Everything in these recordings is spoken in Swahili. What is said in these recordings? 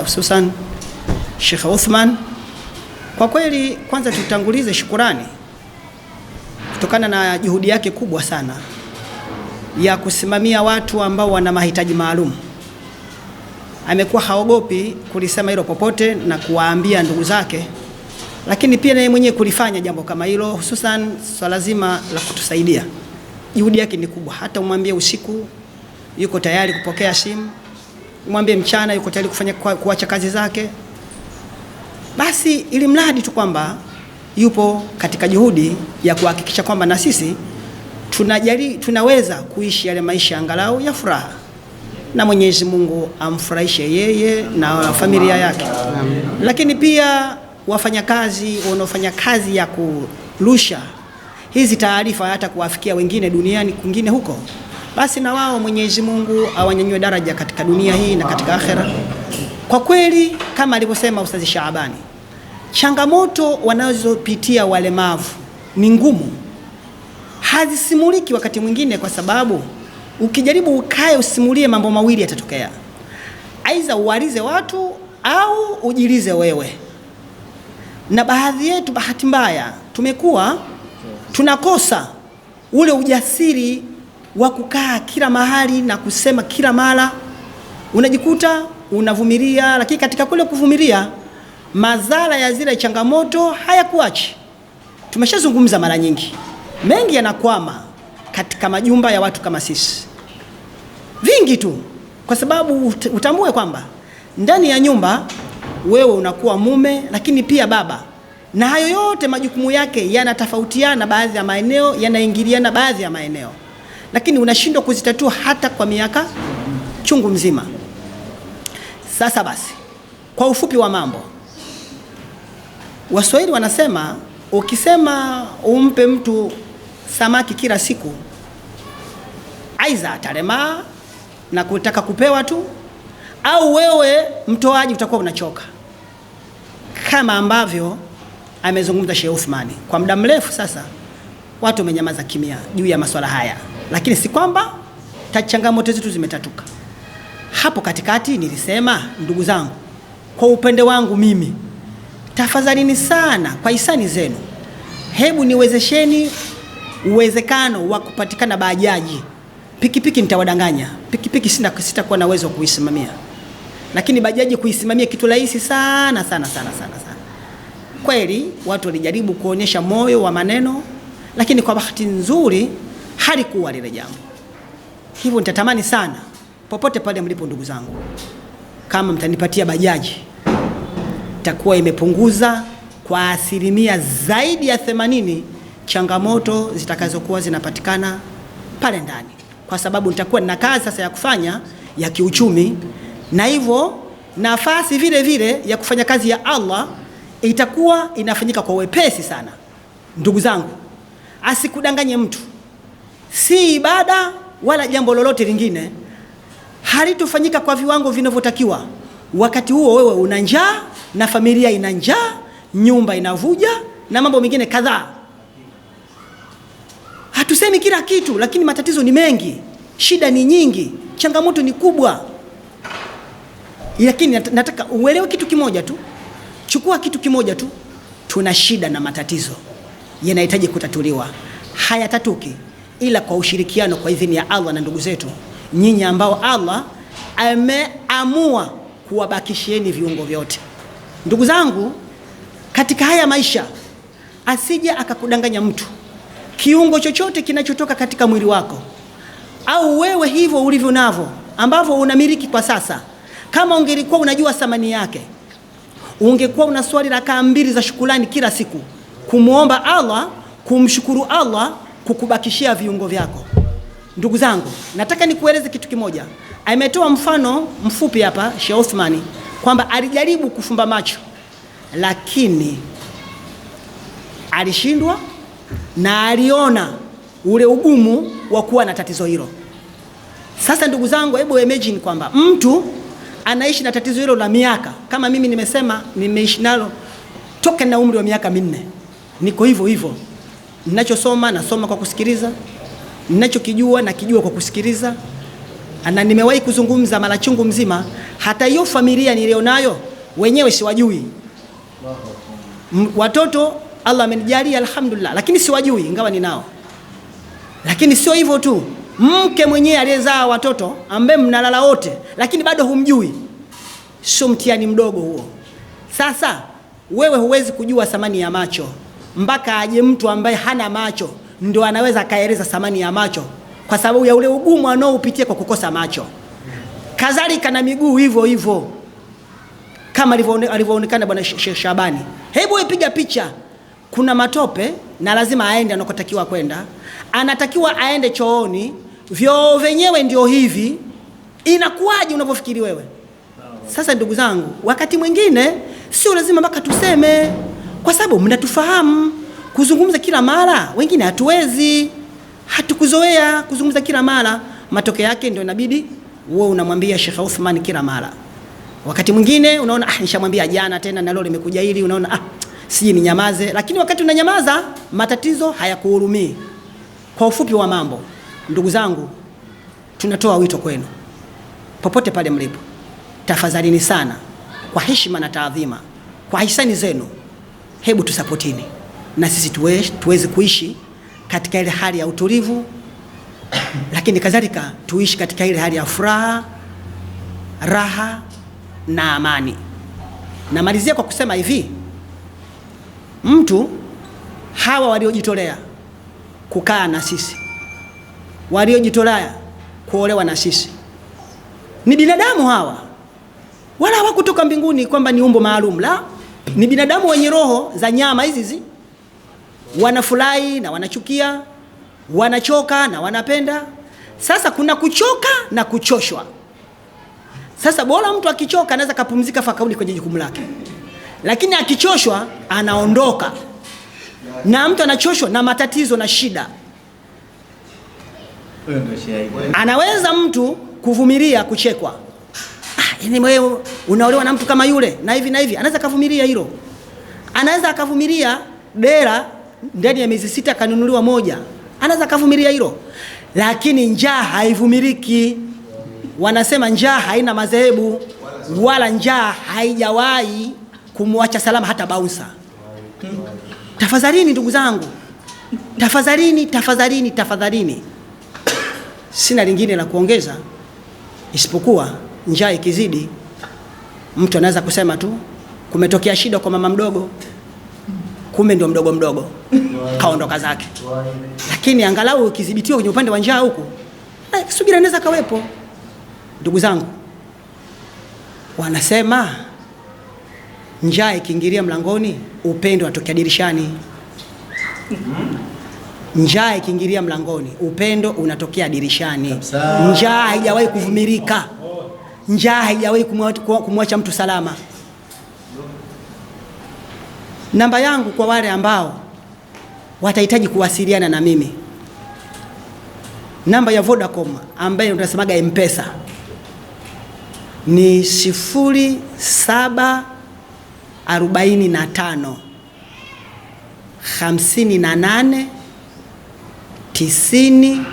Hususan Sheikh Uthman, kwa kweli, kwanza tutangulize shukurani kutokana na juhudi yake kubwa sana ya kusimamia watu ambao wana mahitaji maalum. Amekuwa haogopi kulisema hilo popote na kuwaambia ndugu zake, lakini pia naye mwenyewe kulifanya jambo kama hilo, hususan swala zima la kutusaidia. Juhudi yake ni kubwa, hata umwambie usiku, yuko tayari kupokea simu mwambie mchana yuko tayari kufanya kuacha kazi zake, basi ili mradi tu kwamba yupo katika juhudi ya kuhakikisha kwamba na sisi tunajali, tunaweza kuishi yale maisha angalau ya furaha, na Mwenyezi Mungu amfurahishe yeye na familia yake. Lakini pia wafanyakazi wanaofanya kazi ya kurusha hizi taarifa hata kuwafikia wengine duniani kwingine huko basi na wao Mwenyezi Mungu awanyanyue daraja katika dunia hii na katika akhera. Kwa kweli kama alivyosema Ustazi Shaabani, changamoto wanazopitia walemavu ni ngumu, hazisimuliki wakati mwingine, kwa sababu ukijaribu ukae usimulie, mambo mawili yatatokea: aidha uwalize watu au ujilize wewe. Na baadhi yetu bahati mbaya tumekuwa tunakosa ule ujasiri wa kukaa kila mahali na kusema kila mara, unajikuta unavumilia, lakini katika kule kuvumilia madhara ya zile changamoto hayakuachi. Tumeshazungumza mara nyingi, mengi yanakwama katika majumba ya watu kama sisi, vingi tu, kwa sababu utambue kwamba ndani ya nyumba wewe unakuwa mume, lakini pia baba, na hayo yote majukumu yake yanatofautiana, baadhi ya maeneo yanaingiliana, baadhi ya maeneo lakini unashindwa kuzitatua hata kwa miaka chungu mzima. Sasa basi, kwa ufupi wa mambo, Waswahili wanasema ukisema umpe mtu samaki kila siku, aidha atalemaa na kutaka kupewa tu, au wewe mtoaji utakuwa unachoka, kama ambavyo amezungumza Sheikh Uthmani. Kwa muda mrefu sasa watu wamenyamaza kimya juu ya masuala haya lakini si kwamba changamoto zetu zimetatuka. Hapo katikati nilisema, ndugu zangu, kwa upende wangu mimi, tafadhalini sana, kwa hisani zenu, hebu niwezesheni uwezekano wa kupatikana bajaji. Pikipiki nitawadanganya, pikipiki sitakuwa na uwezo wa kuisimamia, lakini bajaji kuisimamia kitu rahisi sana sana sana sana sana. Kweli watu walijaribu kuonyesha moyo wa maneno, lakini kwa bahati nzuri halikuwa lile jambo. Hivyo nitatamani sana popote pale mlipo, ndugu zangu, kama mtanipatia bajaji itakuwa imepunguza kwa asilimia zaidi ya themanini changamoto zitakazokuwa zinapatikana pale ndani, kwa sababu nitakuwa na kazi sasa ya kufanya ya kiuchumi, na hivyo nafasi vile vile ya kufanya kazi ya Allah itakuwa inafanyika kwa wepesi sana. Ndugu zangu, asikudanganye mtu si ibada wala jambo lolote lingine halitofanyika kwa viwango vinavyotakiwa. Wakati huo wewe una njaa na familia ina njaa, nyumba inavuja na mambo mengine kadhaa. Hatusemi kila kitu, lakini matatizo ni mengi, shida ni nyingi, changamoto ni kubwa. Lakini nataka uelewe kitu kimoja tu, chukua kitu kimoja tu, tuna shida na matatizo yanahitaji kutatuliwa, hayatatuki ila kwa ushirikiano kwa idhini ya Allah na ndugu zetu nyinyi ambao Allah ameamua kuwabakishieni viungo vyote. Ndugu zangu, katika haya maisha asije akakudanganya mtu kiungo chochote kinachotoka katika mwili wako au wewe hivyo ulivyo navyo ambavyo unamiliki kwa sasa. Kama ungelikuwa unajua thamani yake, ungekuwa una swali rakaa mbili za shukulani kila siku, kumwomba Allah, kumshukuru Allah kukubakishia viungo vyako. Ndugu zangu, nataka nikueleze kitu kimoja. Ametoa mfano mfupi hapa Sheikh Othmani kwamba alijaribu kufumba macho lakini alishindwa na aliona ule ugumu wa kuwa na tatizo hilo. Sasa ndugu zangu, hebu imagine kwamba mtu anaishi na tatizo hilo la miaka, kama mimi nimesema nimeishi nalo toka na umri wa miaka minne, niko hivyo hivyo ninachosoma nasoma kwa kusikiliza, ninachokijua nakijua kwa kusikiliza, na nimewahi kuzungumza mara chungu mzima, hata hiyo familia nilionayo wenyewe siwajui watoto. Allah amenijalia alhamdulillah, lakini siwajui ingawa ninao. Lakini sio hivyo tu, mke mwenyewe aliyezaa watoto ambaye mnalala wote, lakini bado humjui, sio mtihani mdogo huo? Sasa wewe huwezi kujua thamani ya macho mpaka aje mtu ambaye hana macho ndio anaweza akaeleza thamani ya macho, kwa sababu ya ule ugumu anaoupitia kwa kukosa macho. Kadhalika na miguu hivyo hivyo, kama alivyoonekana bwana Shabani. Hebu piga picha, kuna matope na lazima aende anakotakiwa kwenda, anatakiwa aende chooni, vyoo vyenyewe ndio hivi. Inakuwaje unavyofikiri wewe? Sasa ndugu zangu, wakati mwingine sio lazima mpaka tuseme kwa sababu mnatufahamu kuzungumza kila mara, wengine hatuwezi, hatukuzoea kuzungumza kila mara. Matokeo yake ndio inabidi wewe unamwambia Sheikh Uthman kila mara. Wakati mwingine unaona ah, nishamwambia jana tena na leo limekuja hili, unaona ah, siji ninyamaze, lakini wakati unanyamaza matatizo hayakuhurumii. Kwa ufupi wa mambo, ndugu zangu, tunatoa wito kwenu popote pale mlipo, tafadhalini sana, kwa heshima na taadhima, kwa hisani zenu hebu tusapotini na sisi tuwe, tuweze kuishi katika ile hali ya utulivu, lakini kadhalika tuishi katika ile hali ya furaha, raha na amani. Namalizia kwa kusema hivi, mtu hawa waliojitolea kukaa na sisi, waliojitolea kuolewa na sisi, ni binadamu hawa, wala hawakutoka mbinguni kwamba ni umbo maalum la ni binadamu wenye roho za nyama hizi hizi, wanafurahi na wanachukia, wanachoka na wanapenda. Sasa kuna kuchoka na kuchoshwa. Sasa bora mtu akichoka anaweza kapumzika fakarudi kwenye jukumu lake, lakini akichoshwa anaondoka. Na mtu anachoshwa na matatizo na shida, anaweza mtu kuvumilia kuchekwa lakini wewe unaolewa na mtu kama yule na hivi na hivi, anaweza akavumilia hilo, anaweza akavumilia dera ndani ya miezi sita kanunuliwa moja, anaweza akavumilia hilo, lakini njaa haivumiliki. Wanasema njaa haina madhehebu wala njaa haijawahi kumwacha salama hata bausa Tafadhalini ndugu zangu, tafadhalini, tafadhalini, tafadhalini, sina lingine la kuongeza isipokuwa njaa ikizidi, mtu anaweza kusema tu kumetokea shida kwa mama mdogo, kumbe ndio mdogo mdogo kaondoka zake. Lakini angalau ukidhibitiwa kwenye upande wa njaa huku, eh, subira inaweza kawepo. Ndugu zangu, wanasema njaa ikiingilia mlangoni, upendo unatokea dirishani. Hmm? Njaa ikiingilia mlangoni, upendo unatokea dirishani. Njaa haijawahi kuvumilika njaa haijawahi kumwacha mtu salama. Namba yangu kwa wale ambao watahitaji kuwasiliana na mimi, namba ya Vodacom ambayo tunasemaga na nane tisini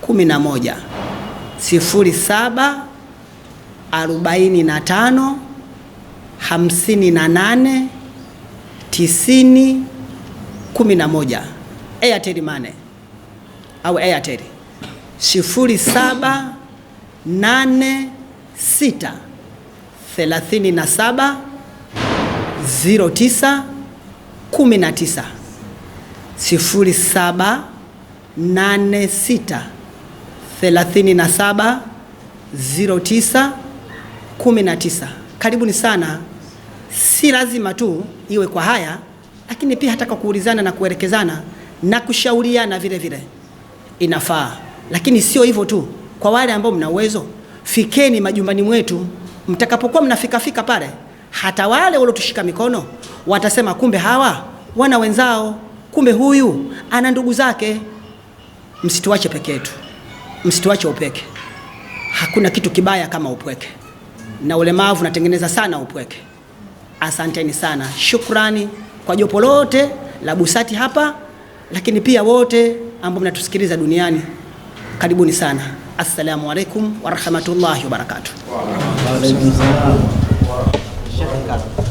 kumi 58 moja sifuri saba arobaini na tano hamsini na nane tisini kumi na moja Airtel Money au Airtel sifuri saba nane sita thelathini na saba ziro tisa kumi na tisa sifuri saba nane sita thelathini na saba ziro tisa 19. Karibuni sana, si lazima tu iwe kwa haya, lakini pia hata kwa kuulizana na kuelekezana na kushauriana vile vile inafaa, lakini sio hivyo tu. Kwa wale ambao mna uwezo, fikeni majumbani mwetu. Mtakapokuwa mnafikafika pale, hata wale waliotushika mikono watasema kumbe hawa wana wenzao, kumbe huyu ana ndugu zake. Msituache peke yetu, msituache upweke. Hakuna kitu kibaya kama upweke na ulemavu natengeneza sana upweke. Asanteni sana, shukrani kwa jopo lote la BUSATI hapa, lakini pia wote ambao mnatusikiliza duniani, karibuni sana. Assalamu alaikum warahmatullahi wabarakatuh.